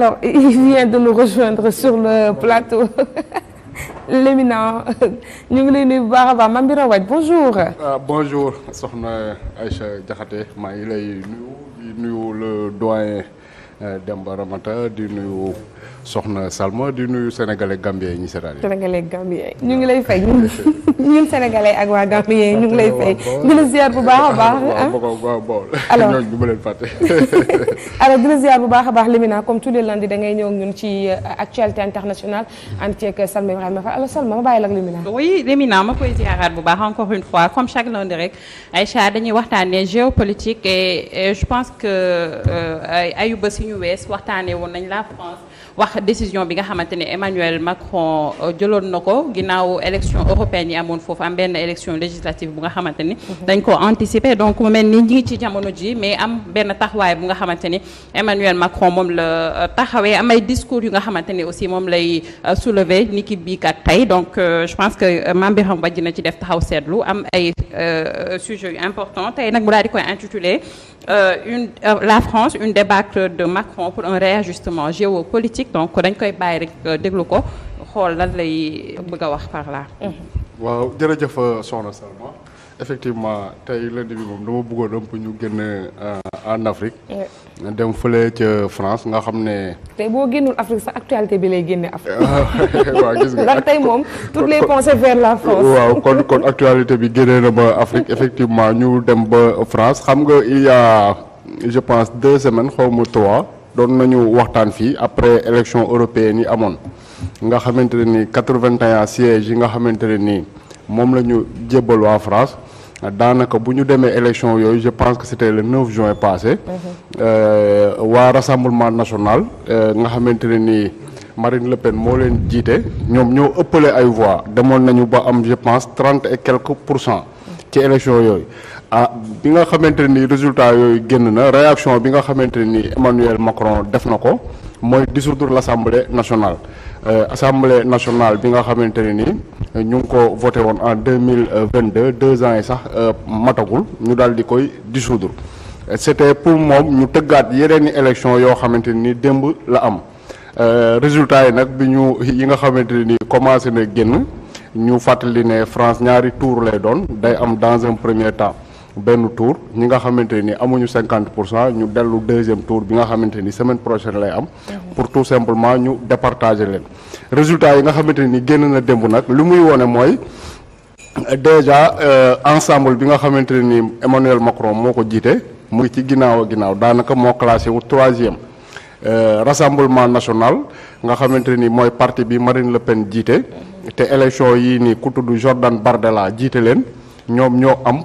Alors, il vient de nous rejoindre sur le plateau. L'éminent, nous voulons lay voir baax bonjour. bonjour. ah bonjour soxna Aïcha Diakhaté je suis le doyen euh, d'Embaramata, de soxna Salma di nuyu sénégalais gambien ñi seetaan yi. sénégalais gambien ñu ngi lay fay ñun sénégalais ak wa gambien ñu ngi lay fay. dina ziar bu baax baax. Ah. alors ñooñu ma leen fàtte. alors dina ziar bu baax baax Limina comme tous les lundis da ngay ñëw ñun ci euh, actualité internationale. anti ak Salma Ibrahima Fall alors Salma ma bàyyi la ak Limina. oui Limina ma koy ziaraat bu baax encore une fois comme chaque lundi rek Aïcha dañuy waxtané géopolitique et je pense que euh, ayouba siñu wess waxtané won nañ la France wax décision bi nga xamanteni Emmanuel Macron euh, jëlone na ko ginnaaw élection européenne yi amone foofu am élection législative bu nga xamanteni mhm. dañ ko anticiper donc mu mel ni ñi ci jamono ji mais am ben taxawaay bu nga xamanteni Emmanuel Macron mom la euh, taxawé am ay discours yu nga xamanteni aussi mom lay euh, soulever niki bi kat donc je pense que Mame Birame Wathie dina ci def taxaw seetlu am ay sujet important tay nak mu daal di koy intitulé une la France une débâcle de Macron pour un réajustement géopolitique politique donc dañ koy bàyyi rek euh, déglu ko xool lan lay bëgg wax par là. Mm-hmm. waaw jërëjëf euh, soxna Salma effectivement tey lundi bi moom dama bëggoon un ñu génn euh, en Afrique. dem fële ca France nga xam ne. tey boo génnul Afrique sax actualité bi lay génne Afrique. waaw gis tey moom toutes les pensées vers la France. waaw kon actualité bi génnee na ba Afrique effectivement ñu dem ba France xam nga il je pense deux semaines xaw ma trois. doon nañu waxtaan fii après élection européenne yi amoon nga xamanteni 81 sièges yi nga xamanteni mom lañu moom wa France danaka buñu démé élection yoy je pense que c'était le 9 juin passé mhm. euh, wa rassemblement national euh, nga xamanteni Marine Le Pen moo dit jiite ñoom ñoo ëppalé ay voix demoon nañu ba am je pense 30 et quelques pourcents ci élection yoy ah bi nga xamante ni résultat yooyu génn na réaction bi nga xamante ni Emmanuel Macron def na ko mooy dissoudre l'Assemblée nationale euh, Assemblée nationale bi nga xamante ni ñu ngi ko voté woon en 2022 deux ans yi sax euh, matagul ñu daal di koy dissoudre c'était pour moom ñu tëggaat yeneen i élection yoo xamante ni démb la am euh, résultat yi nag bi ñu yi nga xamante ni commencé na génn ñu fàttali ne France ñaari tour lay doon day am dans un premier temps benn tour ñi nga xamante ni amuñu cinquante pour cent ñu dellu deuxième tour bi nga xamante ni semaine prochaine lay am mhm. pour tout simplement ñu départager leen résultat yi nga xamante ni génn na démb nag li muy wone mooy déjà euh, ensemble bi nga xamante ni Emmanuel Macron moo ko jiite mu ngi ci ginnaaw a ginnaaw daanaka moo classé wu troisième Euh, rassemblement national nga xamante ni mooy parti bi Marine Le Pen jiite te élection yi nii ku tudd Jordan Bardella jiite leen ñoom ñoo am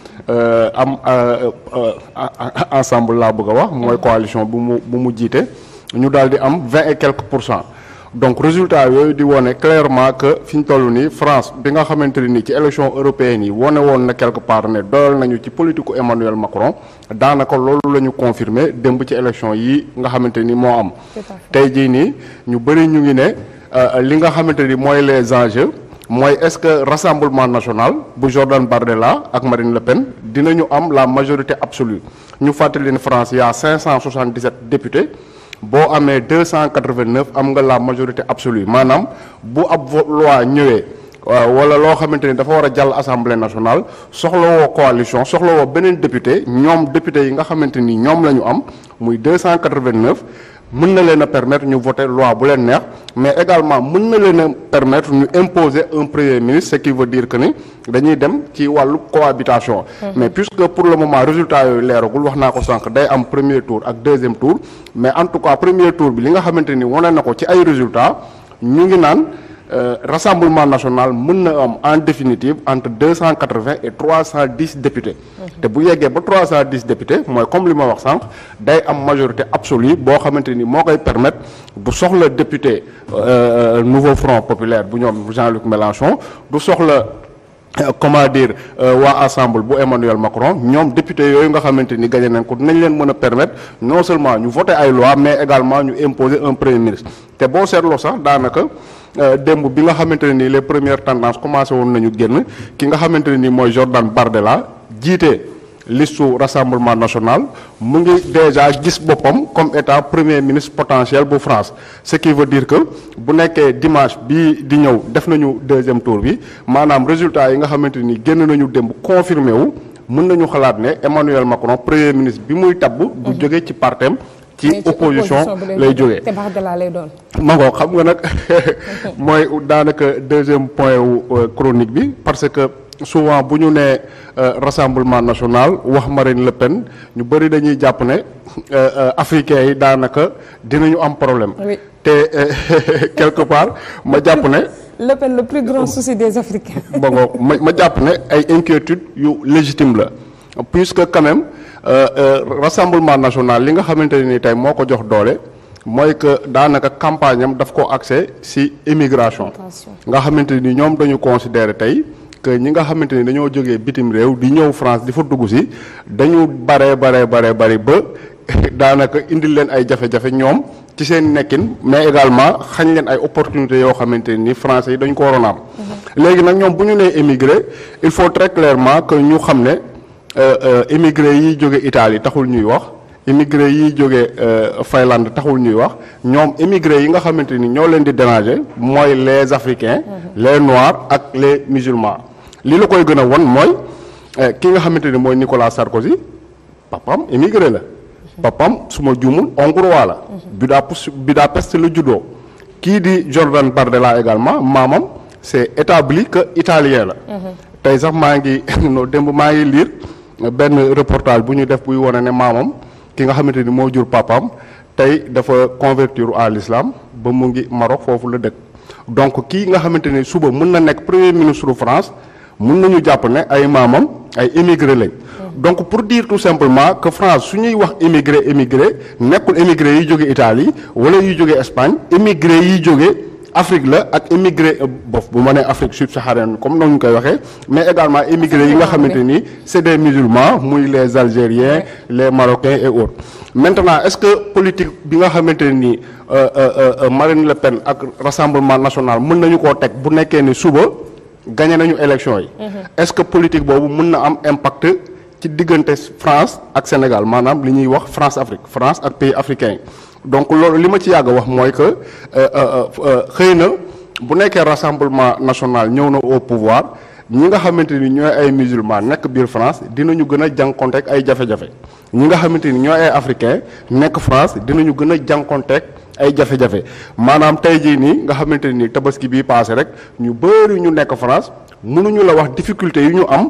Euh, am euh, euh, ensemble là, bëgg wax moy coalition bu mu jité ñu daldi am 20 et quelques pourcent donc résultat yoy di woné clairement que fiñ ñu ni France bi nga xamanteni ne ci élection européenne yi woné won na quelque part ne doyal nañu ci politiku Emmanuel Macron danaka loolu lañu confirmer demb ci élection yi nga xamanteni mo am. tey jii nii ñu bëri ñu ngi né li nga xamanteni moy les enjeux est-ce que le rassemblement national bu Jordan Bardella et Marine Le Pen nous am la majorité absolue ñu faisons une France a 577 députés boo a 289 am nga la majorité absolue vous avez une loi ñëwee euh, wala lo xamante dafa wara jall assemblée nationale wo coalition wo benen député ñom député yi nga xamante ñom lañu la am muy 289 mën na leen permettre ñu voter loi bu mais également mën na leen permettre ñu imposer un premier ministre ce qui veut dire que ni dañuy dem ci wàllu cohabitation hmm. mais puisque pour le moment résultat résultats leeragul wax naa ko day am premier tour ak deuxième tour mais en tout cas premier tour bi li nga xamante ni wane na ci ay résultats euh, rassemblement national en définitive entre 280 et 310 députés. Mhm. te bu yeggee ba députés moy comme le ma wax y day am majorité absolue bo xamanteni ni koy permettre du soxla député euh, nouveau front populaire Jean-Luc Mélenchon du soxla. Euh, comment dire Emmanuel Macron nous député nous nga xamanteni gagné nañ ko leen permettre non seulement ñu voter à la loi mais également ñu imposer un premier ministre C'est c'est seetloo sax daanaka. Euh, démb bi nga xamanteni les premières tendances commencé woon nañu génn ki nga xamanteni ne Jordan Bardella jiite listu rassemblement national mu ngi déjà gis bopam comme état premier ministre potentiel bu France ce qui veut dire que bu nekkee dimanche bi di ñew def nañu deuxième tour bi manam résultat yi nga xamanteni ni génn nañu démb confirmé wu mën nañu xalaat ne Emmanuel Macron premier ministre bi muy tabbu du mm-hmm. joggé ci partem opposition lay jógee je ngoo xam nga nag moy danaka deuxième point euh, chronique bi parce que souvent buñu né au euh, rassemblement national wax Marine Le Pen ñu bari dañuy japp né euh, africains yi dinañu am problème té quelque part ma japp né Le Pen le plus grand souci des Africains. bon ma japp né ay inquiétudes yu légitime puisque quand même Euh, euh, rassemblement nationale li nga xamante ne ni tey moo ko jox doole mooy que daanaka campagne am daf ko accès ci immigration nga xamante ni ñoom dañu considérer tey que ñi nga xamante ni dañoo jógee bitim réew di ñëw France di fa dugg si dañu bare bare bare bari ba daanaka indil leen ay jafe-jafe ñoom ci seen nekkin mais également xañ leen ay opportunités yoo xamante ni français yi dañ ko waroon am mhm. léegi nag ñoom bu ñu nee émigré il faut très clairement que ñu xam ne Euh, euh, immigré yi jóge Italie taxul ñuy wax immigré yi jóge euh, Finlande taxul ñuy wax ñoom immigré yi nga xamante ni ñoo leen di déranger mooy les africains mhm. les noirs ak les musulmans li la koy gën a won mooy ki nga xamante ni Nicolas Sarkozy papam immigré la mhm. papam su ma juumul hongrois la mhm. Budapest Budapest le judo. kii di Jordan Bardella également mamam. c'est établi que italien la tey sax maa ngi non ngi lire benn reportage bu ñu def buy wane ne maamam ki nga xamante ni moo jur papaam tey dafa convertir à l'islam ba mu ngi Maroc foofu la dëkk donc kii nga xamante ni suba mën na nekk premier ministre France na ñu jàpp ne ay maamam ay émigré lañ donc pour dire tout simplement que France su ñuy wax émigré émigré nekkul émigré yi jóge Italie wala yi jóge Espagne émigré yi jóge Afrique là ak immigré euh, bof bu ma Afrique subsaharienne comme nous mais également immigré yi nga c'est des musulmans les Algériens les Marocains et autres maintenant est-ce que politique bi nga euh, euh, euh, Marine Le Pen ak Rassemblement national mën nañu koo teg bu nekkee ni gagner gagné nañu élection yi mhm. est-ce que politique boobu mën na am impact ci la France ak Sénégal Maintenant, li ñuy wax France Afrique France ak pays africains. donc loolu li ma ci yàgg wax mooy que euh, euh, euh, xëy na bu nekkee rassemblement national ñëw na au pouvoir ñi nga xamante ni ñooy ay musulman nekk biir France dinañu gën a jànkonteeg ay jafe-jafe nga xamante ni ñooy ay nekk France dinañu gën a jànkonteeg ay jafe-jafe maanaam tey jii nii nga xamante ni tabaski bii paase rek ñu bari ñu nekk France mënuñu la wax difficulté yu ñu am.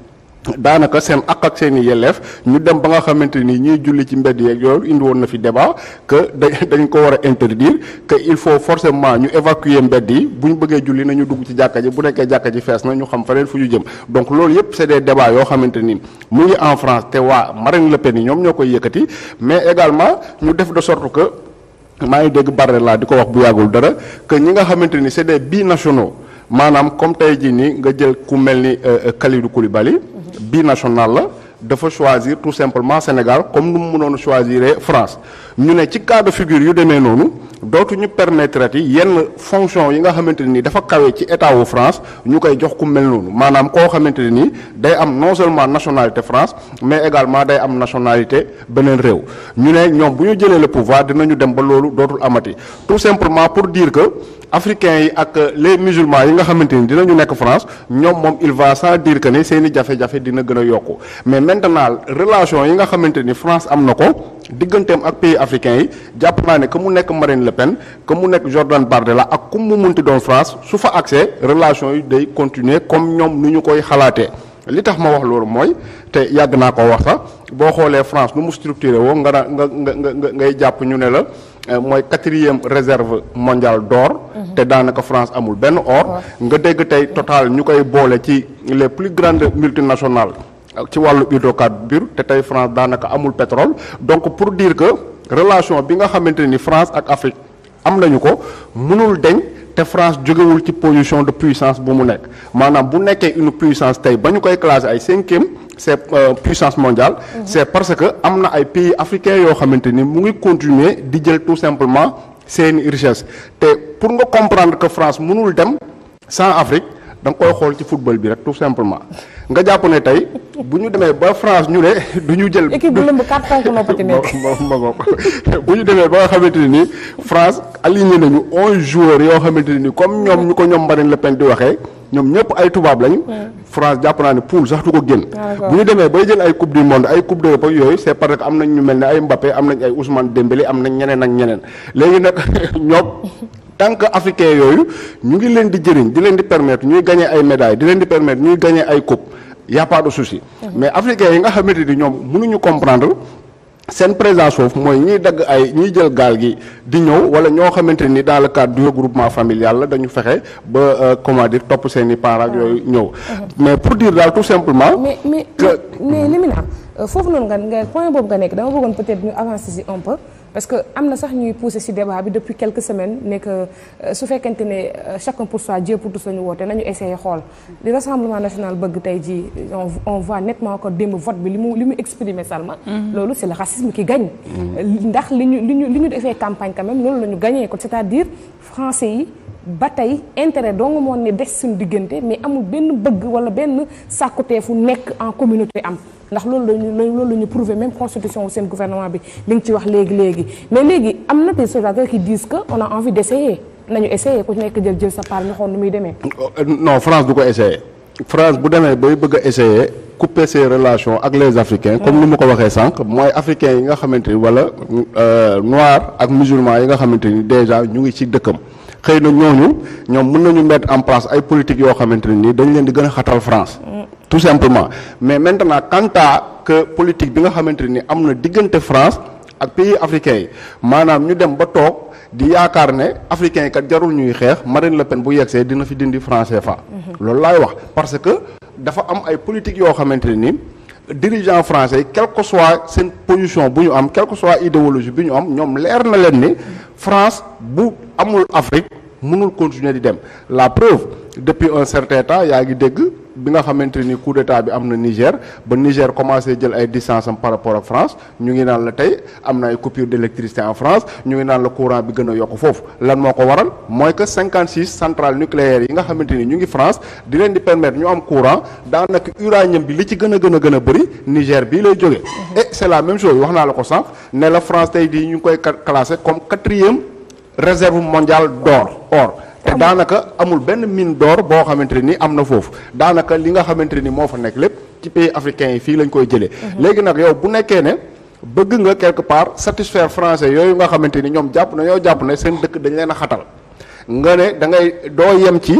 danaka seen ak ak seen yelef ñu dem ba nga xamanteni ñi julli ci mbedd yeeg yooyu indi won na fi débat que dañ ko wara interdire que il faut forcément ñu évacuer mbedd yi bu ñu julli nañu dugg ci jàkka ji bu nekké jàkka ji fees na ñu xam faneen fu ñu jëm donc loolu yépp c'est des débats yo xamanteni mu ngi en France té wa Marine Le Pen ñom ñoom yëkëti mais également ñu def de sorte que maay dégg Barre la diko wax bu yagul dara que ñi nga xamanteni c'est des binationaux maanaam comme tey ji nii nga jël ku mel ni euh, euh, Kalidou Koulibaly mhm. bi national la dafa choisir tout simplement Sénégal comme nu mu mënoon choisir France ñu ne ci cas de figure yu demee noonu dootuñu permettre ati yenn fonction yi nga xamante nii dafa kawe ci état wu France ñu koy jox ku mel noonu maanaam koo xamante ne nii day am non seulement nationalité France mais également day am nationalité beneen réew ñu ne ñoom bu ñu jëlee la pouvoir dinañu dem ba loolu dootul amati tout pour dire que. africain yi ak euh, les musulmans yi nga xamante ni ñu nekk France ñoom moom il va sans dire que ni seeni i jafe-jafe dina gën yokk yokku mais maintenant relation yi nga xamante ni France am na ko digganteem ak pays africains yi jàpp naa ne que mu nekk Marine Le Pen que mu nekk Jordan Bardella ak ku mu munti doon France su fa accès relation yi day continuer comme ñoom lu ñu koy xalaatee. li tax ma wax loolu mooy te yàgg naa ko wax sax boo xoolee France nu mu structuré woo nga nga nga ngay jàpp ñu ne la. Euh, mooy quatrième réserve mondiale d'or mhm. te daanaka France amul benn or nga dégg tey Total ñu koy boole ci les plus grandes multinationales euh, ci wàllu biir te tey France daanaka amul pétrole donc pour dire que relation bi nga xamante ni France ak Afrique am nañu ko mënul deñ te France jógewul ci position de puissance bu mu nekk maanaam bu nekkee une puissance tey ba ñu koy classé ay cinquième c'est euh, puissance mondiale mhm. c'est parce que les ay pays africains yo xamanteni ni mu continuer di jël tout simplement une richesse pour nous comprendre que France mënul dem sans Afrique da nga koy xool ci football bi rek tout simplement nga jàpp ne tey bu ñu demee ba France ñu ne du ñu jël. équipe bu lëmb quatre ponk moo bu ñu demee ba nga xamante ne ni France aligné nañu onze joueurs yoo xamante ne ni comme ñoom ñu ko ñoom Marine Le Pen di waxee. ñoom ñëpp ay tubaab lañu. Hmm. France jàpp naa ne poule sax du ko génn. Ah, bu ñu demee bay jël ay coupe du monde ay coupe d'Europe yooyu c'est parce que am nañ ñu mel ne ay Mbappé am nañ ay Ousmane Dembélé am nañ ñeneen ak ñeneen léegi nag ñoom. tant que africain yooyu ñu ngi leen di jëriñ di leen di permettre ñuy gagner ay médailles di leen di permettre ñuy gagner ay coupe y a pas de souci mhm. mais africain yi nga xamante di ñoom mënuñu comprendre seen présence foofu mooy ñiy dagg ay ñiy jël gaal gi di ñëw wala ñoo xamante ni dans le cadre du regroupement familial la dañu fexe ba euh, comment topp seeni i yooyu ñëw mhm. mais pour dire daal tout simplement mais mais mais Limina euh, foofu noonu nga nekk dama bëggoon peut-être ñu avancer si un parce que nous avons sax ñuy poussé ci débat bi depuis quelques semaines mais que euh, su né euh, chacun pour soi Dieu pour tous la woté nañu essayé xol Le rassemblement national bëgg tay ji on voit nettement que démb vote bi limu mu li mu mhm. c'est le racisme qui gagne mhm. ndax liñu liñu liñu campagne quand même nous avons gagné c'est-à-dire français batay intérêt dong moo ne des sun diggante mais amul ben bëgg wala ben benn sàkkuteefu nek en communauté am ndax loolu lañu loolu la ñu prouver même constitution sen gouvernement bi li ci wax légui légui mais légui am na des observateurs qui disent que on a envie d'essayer nañu essayer ku nek jël jël sa part ñu xool nu muy démé euh, non France du ko essayer France bu démé bay bëgg essayer couper ses relations avec les africains comme ni ko waxé sank moy africain yi nga xamante wala euh noir ak musulman yi nga xamante déjà ñu ngi ci dëkkam. xëy na ñooñu ñoom mën nañu mettre en place ay politique yoo xamante ne nii dañ leen di gën a xatal France. tout simplement mais maintenant quant à que politique bi nga xamante ne nii am na diggante France ak pays africains yi maanaam ñu dem ba toog di yaakaar ne africains yi kat jarul ñuy xeex Marine Le Pen bu yegsee dina fi dindi franc CFA. Mhm. loolu laay wax parce que dafa am ay politique yoo xamante ne nii. dirigeant français quelle que soit cette position quelle que soit idéologie nous avons am l'air leer France bu amul Afrique nous continuer la preuve depuis un certain temps a ngi dégg bi nga xamante coup d'état bi am Niger Le Niger commencé à ay des am par rapport la France nous ngi naan une coupure d'électricité en France nous ngi le le courant bi gën a fof. lan moo waral que 56 centrales nucléaires yi nga xamante en France di leen di permettre am courant dans uranium bi li ci gën a gën a Niger et c'est la même chose Nous naa la ko que la France est classée ñu la classé comme quatrième réserve mondiale d'or or. te daanaka amul benn mine d'or boo xamante ni am na foofu daanaka li nga xamante ni moo fa nekk lépp ci pays africains yi fii lañ koy jëlee. Mhm. léegi nag yow bu nekkee ne bëgg nga quelque part satisfaire français yooyu nga xamante ni ñoom jàpp na ñoo jàpp ne seen dëkk dañu leen a xatal nga ne da ngay doo yem ci.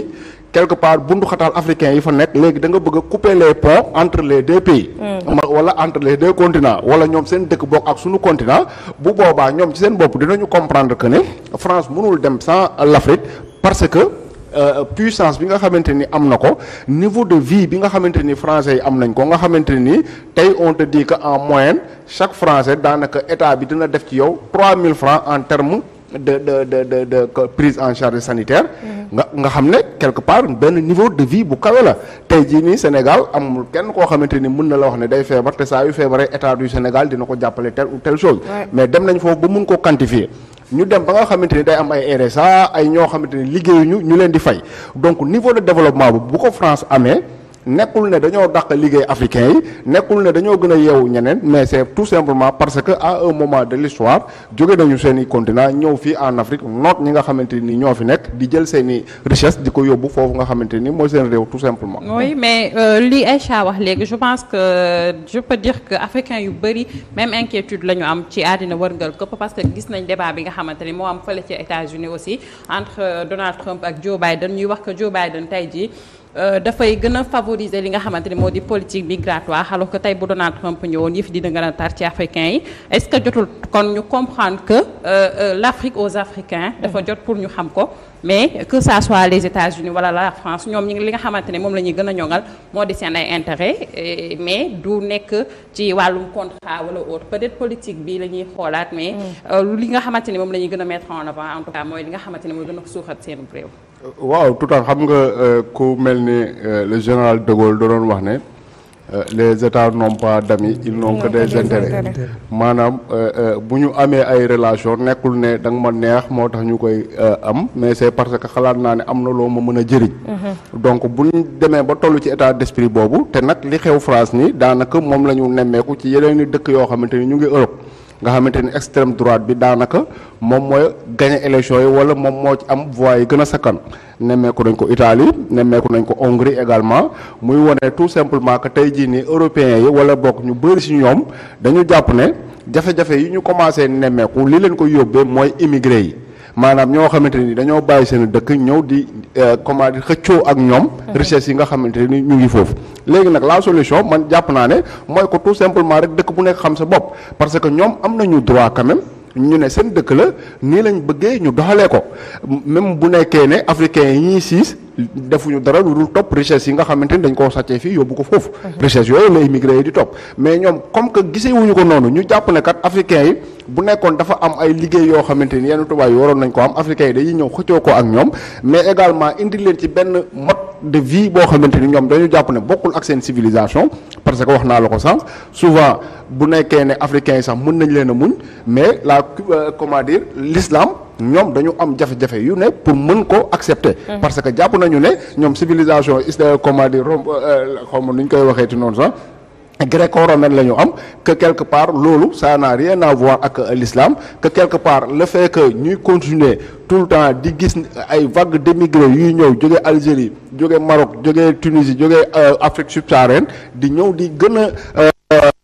quelque part bundu xataal africain yi fa nekk léegi da nga bëgg a couper les ponts entre les deux pays hmm. wala entre les deux continents wala ñoom seen dëkk bokk ak suñu continent bu boobaa ñoom ci seen bopp dinañu comprendre que ne France mënul dem sans l'Afrique parce que Euh, puissance bi nga xamante ni am na ko niveau de vie bi nga xamante ni français yi am nañ ko nga xamante ni tey on te dit que en moyen chaque français daanaka état bi dina def ci yow 3000 francs en terme de de de de de prise en charge sanitaire. nga nga xam quelque part benn niveau de vie bu kawe la tey jii nii Sénégal amul kenn koo xamante ni mën na la wax ne day feebar te saa yu feebaree état du Sénégal dina ko jàppale ou telle chose. mais dem nañ foofu ba mun ko quantifier. ñu dem ba nga xamante day am ay RSA ay ñoo xamante ni liggéeyuñu ñu leen di fay donc niveau de développement bu bu ko France amé nekul ne dañoo dàq liggéey africain yi nekkul ne dañoo gën a yeewu ñeneen mais c' est tout simplement parce que à un moment de l'histoire jóge nañu seen i continent ñëw fii en Afrique noot ñi nga xamante ni ñoo fi nekk di jël seen i richesse di ko yóbbu foofu nga xamante ni mooy seen réew tout simplement. oui mais euh, li Aïcha wax léegi je pense que je peux dire que africain yu bëri même inquiétude la ñu am ci àddina wërngal ko parce que gis nañ débat bi nga xamante ni moo am fële ci États-Unis aussi entre euh, Donald Trump ak Joe Biden ñuy wax que Joe Biden tey jii. Euh, dafay gën a favoriser li nga xamante ne moo di politique migratoire alors que tay bu Donald Trump ñëwoon yëf dina gën a tar ci africain yi est-ce que jotul kon ñu comprendre que euh, euh, l'Afrique aux Africains dafa jot pour ñu xam ko mais que ça soit les États-Unis voilà la France ñom ñi nga xamantene mom lañuy gëna ñuy gën a ñoŋal di seen ay intérêt mais du nek ci walum contrat wala autre peut-être politique bi lañuy ñuy mais mm. euh, lu li nga xamantene mom lañuy gëna mettre en avant en tout cas moy li nga xamantene moy gëna gën a suuxat seen réew euh, waaw tout à xam nga euh, ku melni le général de Gaulle da doon wax ne Euh, les états n'ont pas d'amis ils de que des intérêts maanaam euh, euh, bu ñu amee ay relation nekkul ne da ma neex moo tax ñu koy am mais c'est parce que xalaat naa ne am na loo ma mën a jëriñ mm-hmm. donc bu demee ba toll ci état d'esprit boobu te nag li xew France ni daanaka moom la ñu nemmeeku ci yeneen i dëkk yoo xamante ni ñu ngi Europe nga xamante ni extrême droite bi daanaka moom mooy gagné élection yi wala moom moo ci am voix yi gën a sakkan nemmeeku nañ ko Italie nemmeeku nañ ko Hongrie également muy wane tout simplement que tey jii nii européens yi wala bokk ñu bëri si ñoom dañu jàpp ne jafe-jafe yi ñu commencé nemmeeku li leen koy yóbbee mooy immigré yi. maanaam ñoo xamante ni dañoo bàyyi seen dëkk ñëw di euh, comment dire xëccoo ak ñoom richesse yi nga xamante ni ñu ngi foofu léegi nag la solution man jàpp naa ne mooy ko tout simplement rek dëkk bu nekk xam sa bopp parce que ñoom am nañu droit quand même ñu ne seen dëkk la nii lañ bëggee ñu doxalee ko même bu nekkee ne africains yi ñuy siis defuñu dara lu dul topp richesse yi nga xamante ni dañ koo sàccee fii yóbbu ko foofu richesse yooyu la immigré yi di topp mais ñoom comme que gisee wuñu ko noonu ñu jàpp ne kat africain yi bu nekkoon dafa am ay liggéey yoo xamante ni yenn tubaab yi waroon nañ ko am africain yi dañuy ñëw xëccoo ko ak ñoom mais également indi leen ci benn mode de vie boo xamante ni ñoom dañu jàpp ne bokkul ak seen civilisation parce que wax naa la ko sax souvent bu nekkee ne africain yi sax nañ leen a muñ mais la euh, comment ñom dañu am jafé jafé yu pour mën ko accepter. Mhm. parce que jàpp nañu né ñom civilisation isla comment dire rom euh, euh, xaw ma nu ñu koy sax. gréco-romaine la am que quelque part lolu ça n'a rien à voir avec euh, l'islam que quelque part le fait que ñuy continuer tout le temps di gis ay vague d'émigrés yu ñëw jóge Algérie jóge Maroc jóge Tunisie jóge Afrique subsaharienne di ñëw di gëna euh,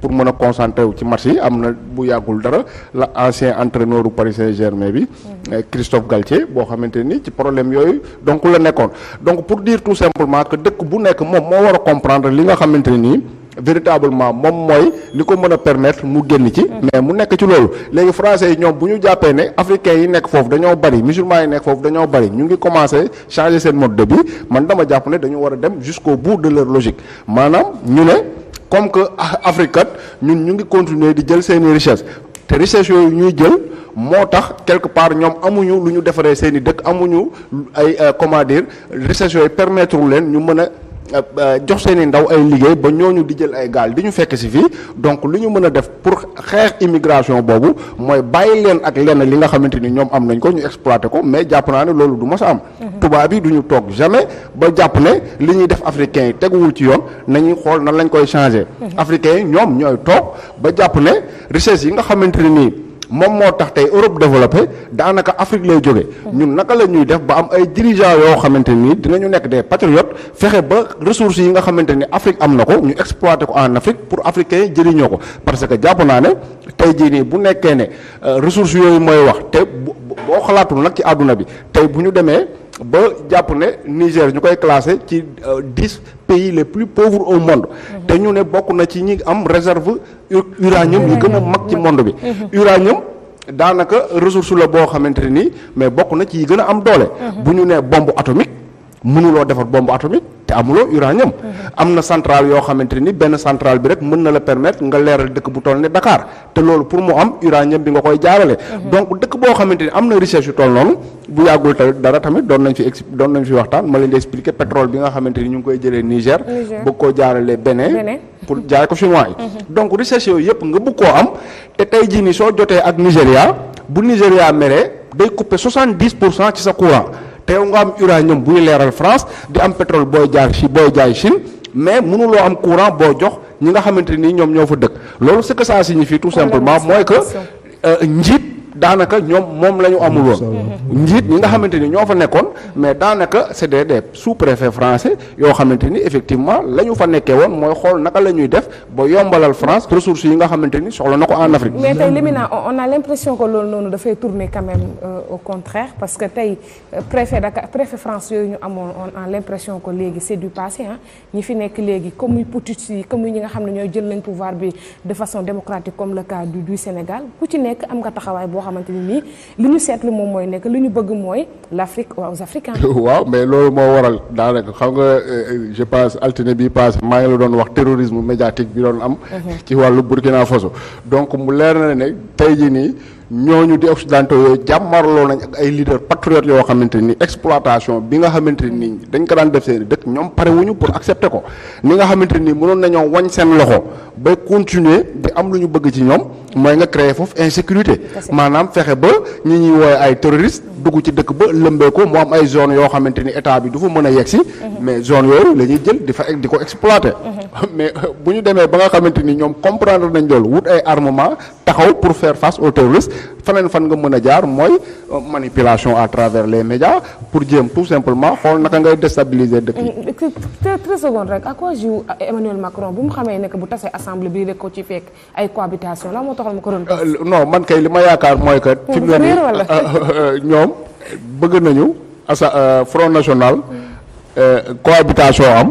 pour me concentrer concentré wu ci match yi am na bu yàggul dara entraîneur du Paris Saint-Germain bi. Mhm. Eh, Christophe Galtier boo xamante ni ci problème yooyu donc la nekkoon donc pour dire tout simplement que dès bu nekk moom moo comprendre li nga xamante véritablement moom mooy lui ko mën permettre mu génn ci. Mhm. mais mu nekk ci loolu les français yi ñoom bu Africains, jàppee ne africains yi nekk foofu dañoo bari musulmans yi nekk foofu dañoo bari ñu ngi commencé changer cette mode de vie man dama Japonais, ne dañu war dem jusqu'au bout de leur logique Maintenant, ñu ne. comme que Afrique kat ñun ñu ngi continuer di jël seeni richesse te richesse yooyu ñuy jël moo tax quelque part ñoom amuñu lu ñu defaree seeni dëkk amuñu ay euh, comment dire richesse yooyu permettre leen ñu mën a Euh, euh, jox seen ndaw ay liggéey ba ñooñu di jël ay gaal di ñu fekk si fii donc lu ñu mën a def pour xeex immigration boobu mooy bàyyi leen ak lenn li nga xamante ni ñoom am nañ ko ñu exploité ko mais jàpp naa ne loolu du mos a am. Mhm. tubaab bi du ñu toog jamais ba jàpp ne li ñuy def africain yi teguwul ci yoon nañuy xool nan lañ koy changé. Mhm. africain yi ñoom ñooy toog ba jàpp ne richesse yi nga xamante ne moom moo tax tey Europe développé daanaka Afrique lay jóge ñun naka la ñuy def ba am ay dirigeants yoo xamante nii dinañu nekk des patriotes fexe ba ressources yi nga xamante ni Afrique am na ko ñu exploité ko en Afrique pour africains yi jëriñoo ko parce que jàpp naa ne tey jii nii bu nekkee ne euh, ressources yooyu mooy wax te boo xalaatul nag ci àdduna bi tey bu ñu demee. ba japp ne Niger ñu classé ci euh, dix pays les plus pauvres au monde té ñu né bokku na ci ñi am réserve uranium yi gëna a mag ci monde bi uranium danaka ressource la bo xamanteni mais bokku na ci yi gën a am doole bu ñu bombe atomique mënuloo defar bombe atomique te amuloo uran uranium. am na centrale yoo xamante ni benn centrale bi rek mën na la permettre nga leeral dëkk bu toll ne Dakar te loolu pour mu am uran uranium bi nga koy jaarale. Mhm. donc dëkk boo xamante ni am na recherche yu toll noonu bu yàggul tamit dara tamit doon nañ fi ex doon nañ fi waxtaan ma leen di expliquer pétrole bi nga xamante ni ñu ngi koy jëlee Niger. bëgg koo jaarale Bénin. pour jaay ko chinois yi. Mhm. donc recherche yooyu yëpp nga bëgg koo am te tey jii ni soo jotee ak Nigéria bu Nigéria meree day couper 70 pour cent ci sa courant. teew nga am uranium bu buy leeral France di am pétrole booy jaar ci booy jaay Chine mais mënuloo am courant boo jox ñi nga xamante nii ñoom ñoo fa dëkk loolu ce que ça fii tout simplement mooy que euh, njiit danaka ñom mom lañu amul woon njiit ñi nga xamante ñoo fa nekkoon mais danaka c'est des sous-préfets français yo xamanteni effectivement lañu fa nekké won moy xol naka lañuy def ba yombalal France ressources yi nga xamanteni ni soxla na en Afrique. mais tay Limina on a l'impression que nonu da fay tourner quand même euh, au contraire parce que tay euh, préfet Dakar préfet France yo ñu amoon on a l'impression que légui c'est du passé hein ñi fi nekk légui comme muy putti ci comme ñi nga xam ne jël nañ pouvoir bi de façon démocratique comme le cas du du Sénégal ku ci nekk am nga taxaway boo xamante ni nii li ñu seetlu moom mooy nekk li ñu bëgg mooy l'Afrique aux Africains. waaw mais loolu moo waral daanaka xam nga euh, je pense altine bi passé maa ngi la doon wax terrorisme médiatique bi doon am. Mhm. ci wàllu Burkina Faso donc mu leer na ne tey jii nii. ñooñu di occidentaux yooyu jàmmarloo ak ay leaders patriotes yoo xamante ni exploitation bi nga xamante ni dañ ko daan def seen dëkk ñoom pare wuñu pour accepter ko ni nga xamante ni mënoon nañoo wañ seen loxo ba continuer di am lu ñu bëgg ci ñoom mooy nga créer foofu insécurité maanaam fexe ba ñi ñuy woowe ay terroristes dugg ci dëkk ba lëmbee ko mu am ay zone yoo xamante ni état bi du fa mën a yegg si mhm. mais zone yooyu la ñuy jël di fa di ko exploiter mhm. mais euh, bu ñu demee ba nga xamante ni ñoom comprendre nañ loolu wut ay armement taxaw pour faire face aux terroristes faneen fan nga mën a jaar mooy euh, manipulation à travers les médias pour jéem tout simplement xool naka ngay déstabiliser dëkk yi. Euh, très seconde rek à quoi joue Emmanuel Macron bu mu xamee ne bu tasee assemblée bii rek ko ci fekk ay cohabitation la moo taxal ma ko doon. non man kay li ma yaakaar mooy que. fi mu ñoom bëgg nañu asa front national mm. cohabitation am.